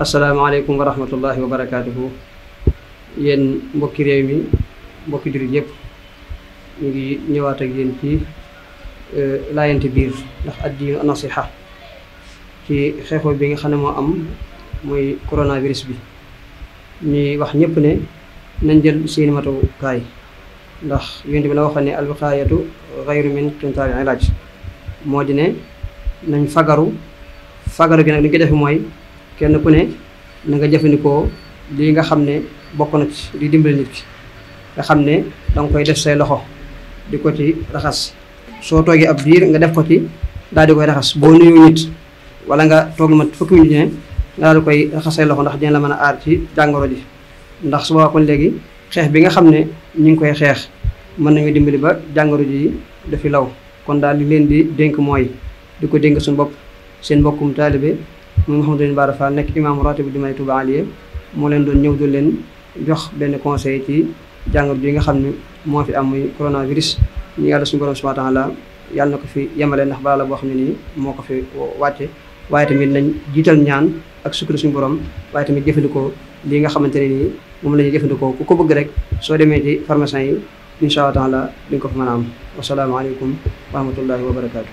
asalaamaaleykum wa rahmatullahi wa barakaatuhu mbokki réew mi mbokki jullit yëpp ñu ngi ñëwaat ak yéen ci euh, laayante biir ndax addiinu nasiha ci xeexoo bi nga xam ne moo am mooy coronavirus bi ñuy wax ñëpp ne nañ jël seen matukaay ndax yonent bi la waxoon ne alwiqaayatu xayru min qintaari ilaaj moo di ne nañ fagaru fagaru gi nag li ñu ko mooy kenn ku ne na nga jëfandikoo lii nga xam ne bokk na ci di dimbali nit ki nga xam ne danga koy def say loxo di ko ci raxas soo toogee ab diir nga def ko ci daal di koy raxas boo nuyoo wala nga toog mat fukki minute daal di koy raxas say loxo ndax dina la mën a aar ci jàngoro ji ndax su boobaa kon léegi xeex bi nga xam ne ñu ngi koy xeex mën nañu dimbali ba jàngoro ji dafi law kon daal li leen di dénk mooy di ko dénk suñ bopp seen mbokkum taalibe Mouhamadou Bara Fall nekk imaamu raatib Limay Touba Aliya moo leen doon ñëw doon leen jox benn conseil ci jàngoro yi nga xam ne moo fi am muy coronavirus ñu yàlla suñu borom subhaanahu na ko fi yemale ndax bala boo xam ne nii moo ko fi wàcce waaye tamit nañ jiital ñaan ak sukkri suñu borom waaye tamit jëfandikoo lii nga xamante ne nii moom la jëfandikoo ku ko bëgg rek soo demee ci pharmacien yi incha allah taala di ko fa mën a am wasalaamaaleykum wa rahmatullahi wa barakaatu.